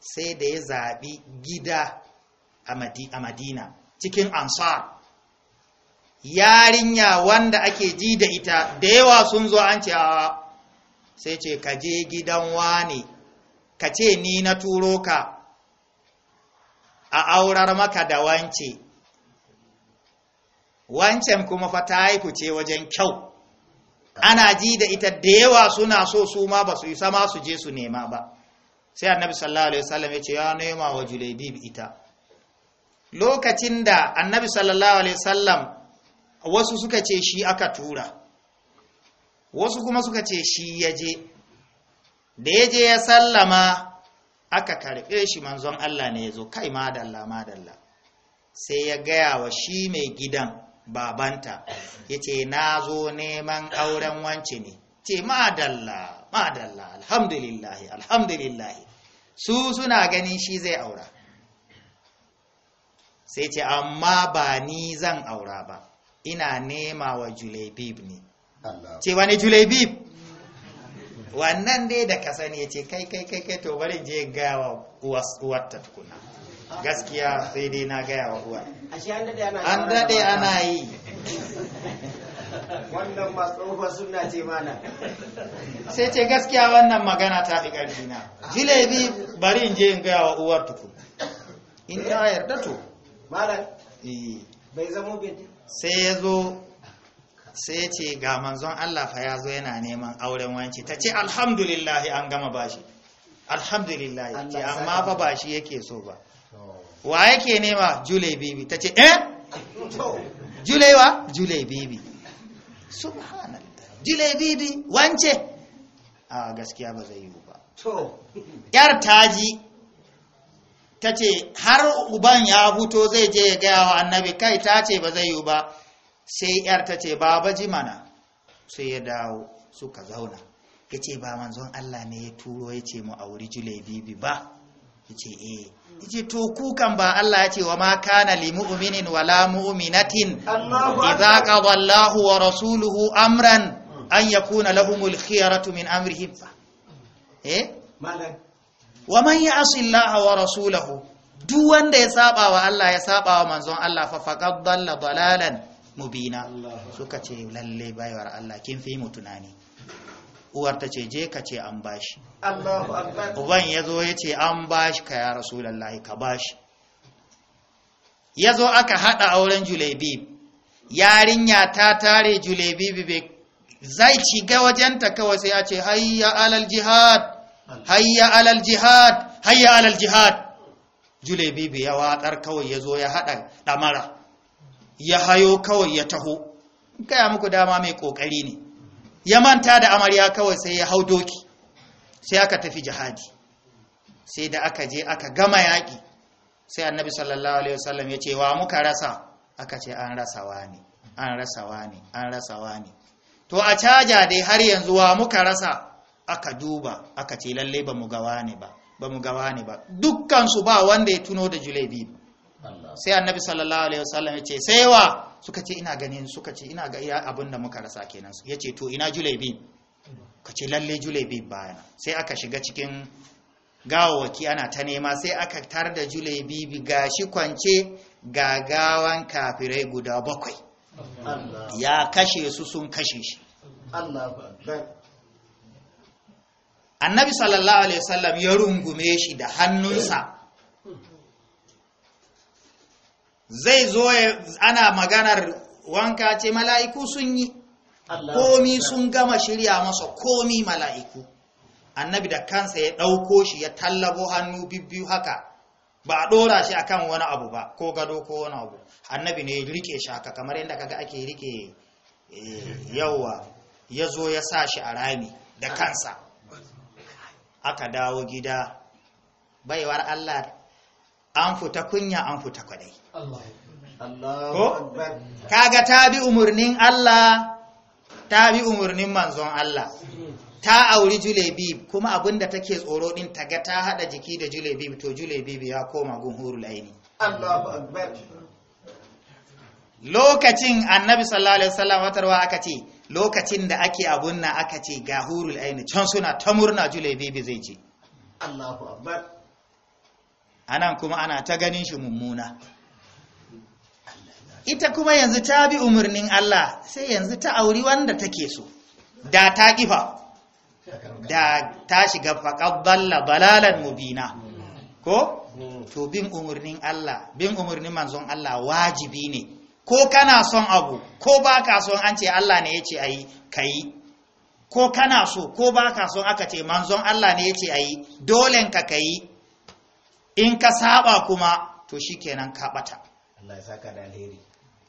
sai da ya zaɓi gida a madina cikin ansar yarinya wanda ake ji da ita da yawa sun zo an ce sai ce ka je gidan wane ka ce ni na turo ka a aurar maka da wance wancan kuma fata ce wajen kyau ana ji da ita da yawa suna so su ma ba su yi sama su je su nema ba sai annabi sallallahu alaihi wasallam ya ce ya nema wa julaibib ita lokacin da annabi sallallahu alaihi wasallam wasu suka ce shi aka tura wasu kuma suka ce shi yaje da yaje ya sallama aka karɓe shi manzon Allah ne ya zo kai madalla madalla sai ya gaya wa shi mai gidan babanta yace nazo neman auren wance ne ce madalla madalla alhamdulillahi alhamdulillahi su suna ganin shi zai aura sai ce amma ba ni zan aura ba ina nema wa julebib ne ce wani julebib wannan dai da kasa ne ce kai kai kai kai to bari je gaya wa uwarta tukuna gaskiya sai dai na gaya wa uwar an daɗe ana yi wannan ma suna ce mana sai ce gaskiya wannan magana ta fi ƙarfi na jilebi bari in je in gaya wa uwar tuku in ya yarda to eh. bai sai ya zo sai ya ce ga manzon Allah fa ya zo yana neman auren wanci ta ce alhamdulillahi an gama bashi alhamdulillahi ce amma ba shi yake so ba wa yake nema jule bibi ta ce eh jule wa jule bibi subhanallah jile bibi wance a gaskiya ba zai yi ba yar taji ta ce har uban ya huto zai je ya gaya wa annabi kai ta ce ba zai yi ba sai yar ta ce baba ji mana sai ya dawo suka zauna ya ce ba manzon Allah ne ya turo ya ce mu auri jule bibi ba ya ce eh yace to kukan ba Allah ya ce wa ma kana li mu'minin wala mu'minatin idza qada Allahu wa rasuluhu amran an yakuna lahumul khiyaratu min amrihim eh wa man ya'si Allah wa rasuluhu duk wanda ya saba wa Allah ya saba wa manzon Allah fa faqad dalla dalalan mubina suka ce lalle baiwar Allah kin fi mu tunani uwar ta ce je ka ce an bashi uban ya zo ya ce an bashi ka ya rasulallah, ka bashi ya zo aka haɗa auren julebib yarinya ta tare julebib bai zai ci ga wajenta kawai sai ya ce hayya alal jihad hayya alal jihad hayya alal jihad julebib ya watsar kawai ya zo ya haɗa ɗamara ya hayo kawai ya taho Kaya muku dama mai ƙoƙari ne ya manta da amarya kawai sai ya hau doki sai aka tafi jihadi sai da aka je aka gama yaƙi sai annabi sallallahu alaihi wasallam ya ce wa muka rasa aka ce an rasawa ne an rasawa ne an rasawa ne to a caja dai har yanzu wa muka rasa aka duba aka ce lalle ba mu gawa ne ba ba mu gawa ne ba dukkan su ba wanda ya tuno da julebi sai annabi sallallahu alaihi wasallam ya ce sai wa suka ce ina ganin suka ce ina ga iya abin da muka rasa kenan ya ce to ina julebi ka ce lalle julebi baya sai aka shiga cikin gawawaki ana ta nema sai aka tar da julebi ga shi kwance ga gawan kafirai guda bakwai ya kashe su sun kashe shi annabi sallallahu alaihi wasallam ya rungume shi da hannunsa zai zo ana maganar wanka ce mala'iku sun yi komi sun gama shirya masa komi mala'iku annabi da kansa ya ɗauko shi ya tallabo hannu bibbiyu haka ba a ɗora shi a kan wani abu ba ko gado ko wani abu annabi ne rike shi haka kamar yadda kaga ake rike eh, yawa ya zo ya sa shi a rami da kansa aka dawo gida baiwar allah an fita kunya an fita kwadai ko kaga ta bi umarnin Allah ta bi umarnin manzon Allah ta auri julebi kuma abinda take tsoro ɗin ta ga ta haɗa jiki da julebi to julebib ya koma gun aini laini. lokacin annabi sallallahu alaihi wasallam watarwa aka ce lokacin da ake abunna aka ce ga hurul aini can suna ta murna julebib zai ce Allahu akbar anan kuma ana ta ganin shi mummuna ita kuma yanzu ta bi umarnin Allah sai yanzu ta auri wanda take so da ta kifa da ta shiga faqad dalla balalan mubina ko to bin umarnin Allah bin umarnin manzon Allah wajibi ne ko kana son abu ko baka son an ce Allah ne yace ayi kai ko kana so ko baka son aka ce manzon Allah ne yace ayi dolen ka kai in ka saba kuma to shikenan ka bata Allah ya saka da alheri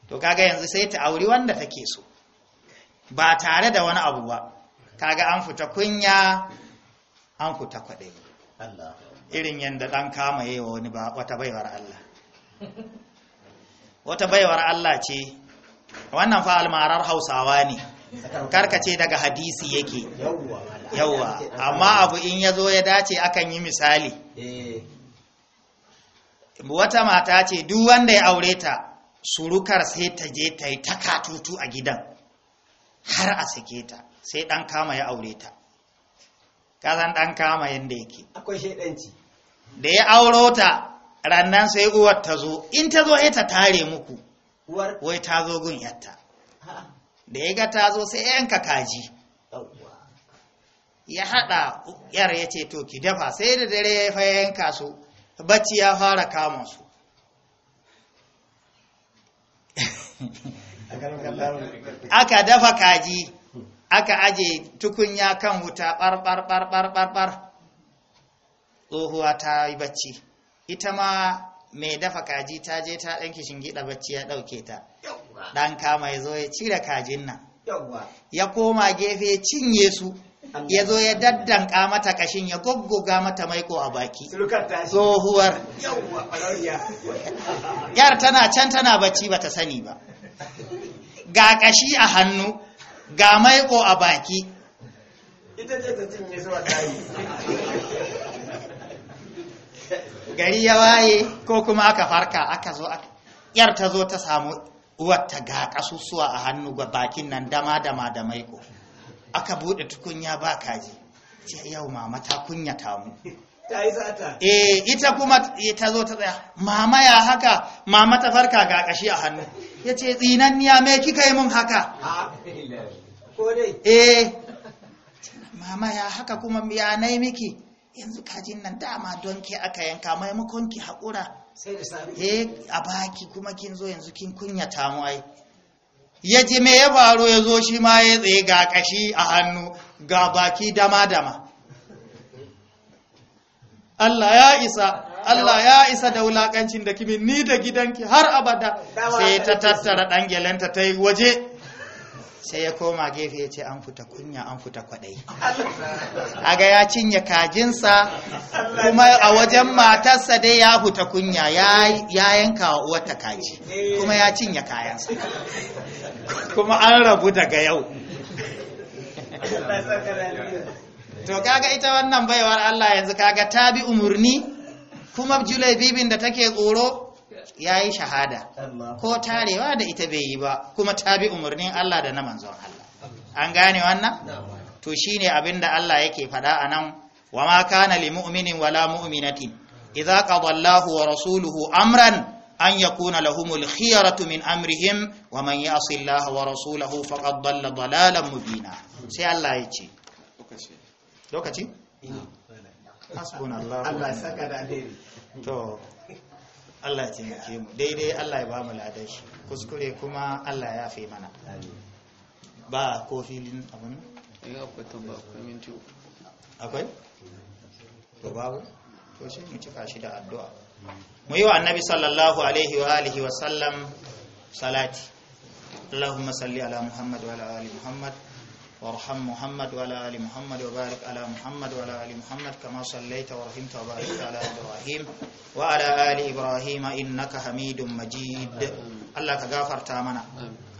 to kaga yanzu sai ta auri wanda take so ba tare da wani abu ba kaga an fita kunya an fita kwaɗayi irin yadda dan kama yi wani ba wata baiwar Allah wata baiwar Allah ce wannan fa almarar hausawa ne karkace daga hadisi yake Yawwa. amma abu in ya zo ya dace akan yi misali eh. wata mata ce duk wanda ya aure ta surukar sai ta je ta yi ta katutu a gidan har a sake ta sai ɗan kama ya aure ta kasan ɗan kama yadda yake akwai shaidanci da ya auro ta rannan sai uwar ta zo in ta zo eh, ta tare muku wai ta zo gun yatta da ya ga ta zo sai yanka kaji ya haɗa yar ya ce to ki dafa sai da dare ya fa yanka su bacci ya fara kama su aka dafa kaji aka aje tukunya kan wuta ɓarɓarɓarɓarɓar tsohuwa ta yi bacci ita ma mai dafa kaji ta je ta ɗan kishin gida bacci ya ɗauke ta ɗan kama ya zo ya cire kajin nan ya koma gefe cinye su ya zo ya daddanka mata kashin ya goggoga mata maiko a baki tsohuwar yar tana can tana bacci bata sani ba ga kashi a hannu ga maiko a baki ita ce ta cinye su gari ya waye ko kuma aka farka aka zo aka yar ta zo ta samu uwarta ga kasusuwa a hannu ga bakin nan dama dama da maiko aka bude tukunya ba kaji ce yau mama ta ta mu ta yi sata eh ita kuma eh, ta zo ta tsaya mama ya haka mama ta farka ga kashi a hannu yace tsinanniya me kika yi mun haka ko dai eh mama ya haka kuma ya nai miki yanzu kajin nan dama don ke aka yanka maimakon ki haƙura eh a baki kuma kin zo yanzu kin kunyata mu ai ya ji me ya faru ya zo shi ma ya tsaye ga kashi a hannu ga baki dama-dama Allah ya isa Allah ya isa da wulakancin da kimi ni da gidanki har abada sai ta tattara ɗan ta yi waje sai ya koma gefe ya ce an fita kunya an fita kwadai aga ya cinye kajinsa kuma a wajen matarsa dai ya fita kunya ya yanka wa uwarta kaji eh. kuma ya cinye kayansa kuma an rabu daga yau to kaga ita wannan baiwar Allah yanzu kaga ta bi umurni kuma julai bibin da take tsoro ya yi shahada ko tarewa da ita bai yi ba kuma ta bi umarnin Allah da na manzon Allah an gane wannan to shine abin da Allah yake faɗa a nan wa ma kana li mu'minin wala mu'minatin idza qada Allahu wa rasuluhu amran an yakuna lahumul khiyaratu min amrihim wa man ya'si Allah wa rasulahu faqad dalla dalalan mubina sai Allah ya ce lokaci lokaci hasbunallahu Allah saka da alheri to Allah ya taimake mu daidai Allah ya ba mu ladan shi kuskure kuma Allah ya fi mana ba ko filin abun eh, akwai to babu to shi mu cika shi da addu'a mu yi wa annabi sallallahu alaihi wa alihi wa sallam salati اللهم صل على محمد وعلى ال محمد وارحم محمد وعلى آل محمد وبارك على محمد وعلى آل محمد كما صليت ورحمت وباركت على إبراهيم وعلى آل إبراهيم إنك حميد مجيد Allah ka gafarta mana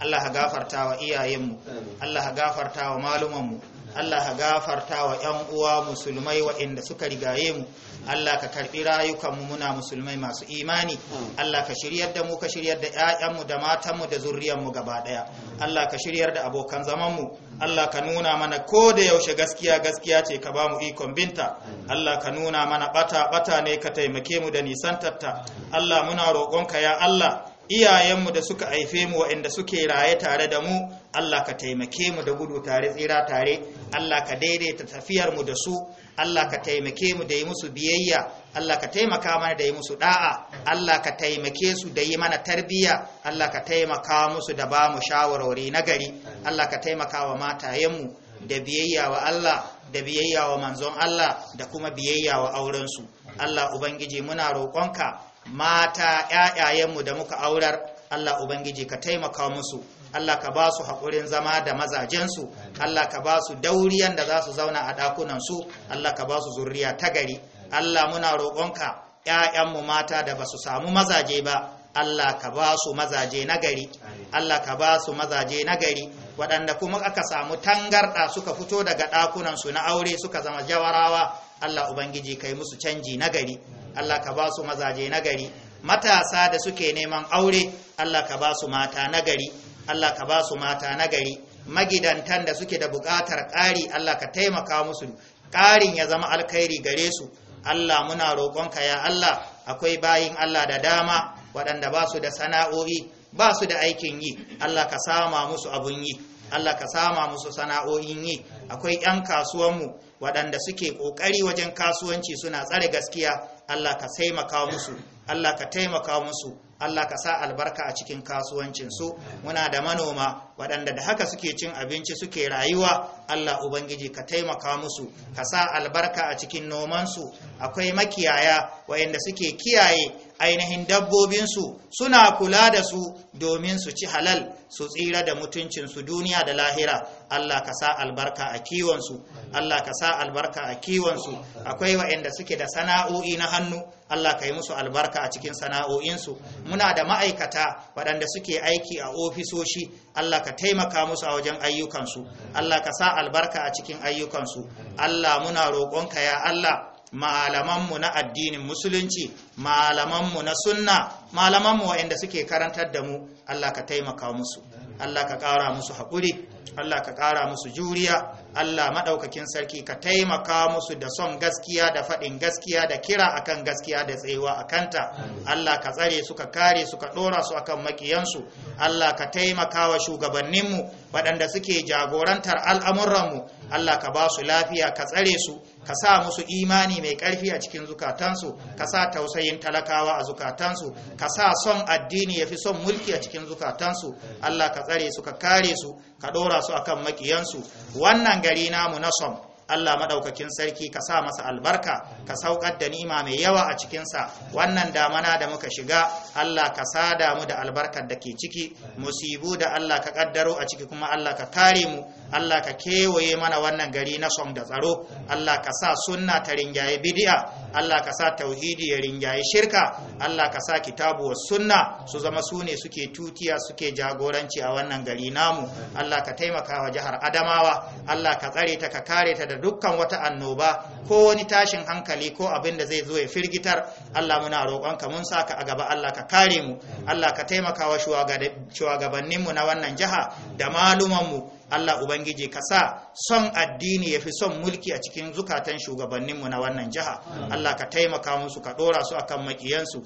Allah ka gafarta wa iyayenmu Allah ka gafarta wa malumanmu Allah ka gafarta wa ‘yan uwa musulmai waɗanda suka rigaye mu, Allah ka karɓi rayukanmu muna musulmai masu imani, Allah ka shiryar da mu ka shiryar da ‘ya'yanmu da matanmu da zurriyanmu gaba ɗaya, Allah ka shiryar da abokan zamanmu, Allah ka nuna mana ko da yaushe gaskiya gaskiya ce ka ba mu ikon binta, Allah ka nuna mana ɓata ɓata ne ka taimake mu da tatta. Allah muna roƙonka ya Allah iyayenmu da suka haife mu waɗanda suke raye tare da mu Allah ka taimake mu da gudu tare tsira tare Allah ka daidaita tafiyar mu da su Allah ka taimake mu da yi musu biyayya Allah ka taimaka mana da yi musu da'a Allah ka taimake su da yi mana tarbiyya Allah ka taimaka musu da ba mu shawarwari nagari. Allah ka taimaka wa matayenmu da biyayya wa Allah da biyayya wa manzon Allah da kuma biyayya wa aurensu Allah ubangiji muna roƙonka mata ƴaƴayenmu da muka aurar Allah Ubangiji ka taimaka musu Allah ka ba su haƙurin zama da mazajensu Allah ka ba su dauriyan da za su zauna a ɗakunansu Allah ka ba su zurriya ta gari Allah muna roƙonka ‘ya'yanmu mata da ba su samu mazaje ba Allah ka ba su mazaje na gari Allah ka ba su mazaje na gari waɗanda kuma aka samu tangarɗa suka fito daga ɗakunansu na aure suka zama jawarawa Allah Ubangiji kai musu canji na gari Allah ka ba su mazaje na gari matasa da suke neman aure Allah ka ba su mata na gari. Allah ka ba su mata nagari magidantan da suke da buƙatar ƙari Allah ka taimaka musu ƙarin ya zama alkhairi gare su Allah muna roƙonka ya Allah akwai bayin Allah da dama waɗanda ba su da sana'o'i ba su da aikin yi Allah ka sama musu abun yi Allah ka sama musu sana'o'in yi akwai 'yan kasuwanmu waɗanda suke ƙoƙari wajen kasuwanci suna tsare gaskiya Allah ka taimaka musu Allah ka taimaka musu Allah ka sa albarka a cikin kasuwancin su muna da manoma waɗanda da haka suke cin abinci suke rayuwa Allah ubangiji ka taimaka musu ka sa albarka a cikin noman su akwai makiyaya waɗanda suke kiyaye ainihin dabbobinsu suna kula da su domin su ci halal su tsira da mutuncinsu duniya da lahira Allah ka sa albarka a kiwonsu Allah ka sa albarka a kiwonsu akwai waɗanda suke da sana'o'i na hannu Allah ka yi musu albarka a cikin sana'o'insu muna da ma'aikata waɗanda suke aiki a ofisoshi Allah ka taimaka musu a wajen ayyukansu Allah ka sa albarka a cikin ayyukansu Allah muna roƙonka ya Allah malamanmu na addinin musulunci malamanmu na sunna malamanmu waɗanda suke karantar da mu Allah ka taimaka musu Allah ka ƙara musu haƙuri Allah ka ƙara musu juriya Allah maɗaukakin sarki ka taimaka musu da son gaskiya da faɗin gaskiya da kira akan gaskiya da tsayuwa a kanta Allah ka tsare su ka kare su ka ɗora su akan makiyansu Allah ka taimaka wa shugabanninmu waɗanda suke jagorantar al'amuranmu Allah ka ba su lafiya ka tsare su ka sa musu imani mai ƙarfi a cikin zukatansu ka sa tausayin talakawa a zukatansu ka sa son addini ya fi son mulki a cikin zukatansu Allah ka tsare su ka kare su ka ɗora su akan makiyansu wannan gari namu na son Allah madaukakin sarki ka sa masa albarka ka saukar da nima mai yawa a cikinsa wannan damana da muka shiga Allah ka sada mu da albarkar da ke ciki musibu da Allah ka kaddaro a ciki kuma Allah ka kare mu Allah ka kewaye mana wannan gari na son da tsaro Allah ka sa sunna ta ringaye bid'a Allah ka sa tauhidi ya ringaye shirka Allah ka sa kitabu wa sunna su zama su ne suke tutiya suke jagoranci a wannan gari namu Allah ka taimaka wa jihar Adamawa Allah ka tsare ta ka kare ta da dukkan wata annoba ko wani tashin hankali ko abin da zai zo ya firgitar Allah muna roƙonka mun saka a gaba Allah ka kare mu Allah ka taimaka wa shugabanninmu na wannan jiha da malumanmu Allah Ubangiji ka sa son addini ya fi son mulki a cikin zukatan shugabanninmu na wannan jiha Allah ka taimaka musu ka ɗora su akan makiyansu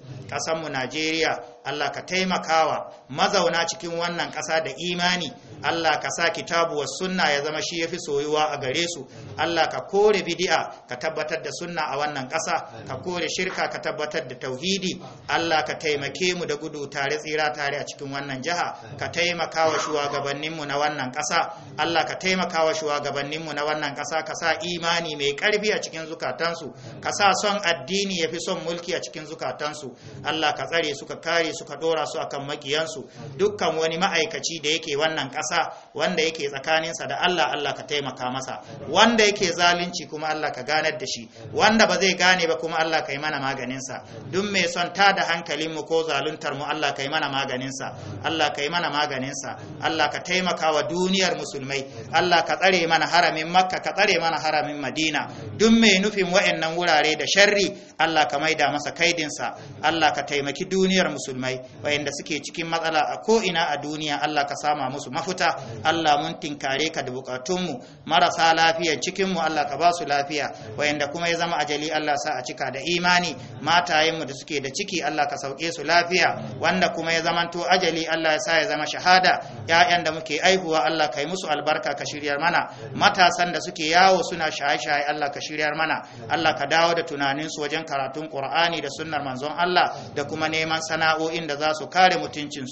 mu Najeriya Allah ka taimakawa mazauna cikin wannan ƙasa da imani Allah ka sa kitabu wa sunna ya zama shi yafi soyuwa a gare su Allah ka kore bidi'a ka tabbatar da sunna a wannan ƙasa ka kore shirka ka tabbatar da tauhidi Allah ka taimake mu da gudu tare tsira tare a cikin wannan jiha ka taimakawa shugabannin mu na wannan ƙasa Allah ka taimakawa shugabannin mu na wannan ƙasa ka sa imani mai ƙarfi a cikin zukatansu ka sa son addini yafi son mulki a cikin zukatansu Allah ka tsare su ka kare su ka dora su akan makiyansu dukkan wani ma'aikaci da yake wannan ƙasa wanda yake tsakaninsa da Allah Allah ka taimaka masa wanda yake zalunci kuma Allah ka ganar da shi wanda ba zai gane ba kuma Allah ka yi mana maganinsa duk mai son ta da hankalin mu ko zaluntar mu Allah ka yi mana maganinsa Allah ka yi mana maganinsa Allah ka taimaka wa duniyar musulmai Allah ka tsare mana haramin Makka ka tsare mana haramin Madina duk mai nufin wa'annan wurare da sharri Allah ka maida masa kaidinsa Allah ka taimaki duniyar musulmai wayanda suke cikin matsala a ko ina a duniya Allah ka sama musu mafuta Allah mun tinkare ka da bukatunmu marasa lafiya cikinmu Allah ka ba su lafiya wayanda kuma ya zama ajali Allah sa a cika da imani matayenmu da suke da ciki Allah ka sauke su lafiya wanda kuma ya zama to ajali Allah ya sa ya zama shahada ya'yan da muke aihuwa Allah ka musu albarka ka shiryar mana matasan da suke yawo suna shaye-shaye Allah ka shiryar mana Allah ka dawo da tunaninsu wajen karatun Qur'ani da sunnar manzon Allah da kuma neman sana'o'in da za su kare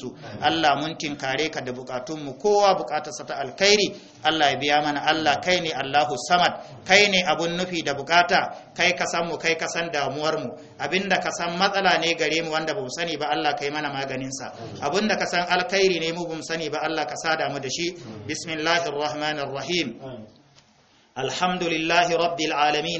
su Allah mun tinkare ka da bukatun mu kowa bukatarsa ta alkhairi Allah ya biya mana Allah kai ne Allahu Samad kai ne abun nufi da bukata kai ka san mu kai ka san damuwar mu abinda ka san matsala ne gare mu wanda bamu sani ba Allah kai mana maganin sa abinda ka san alkhairi ne mu bamu sani ba Allah ka sada mu da shi bismillahir alhamdulillahi rabbil alamin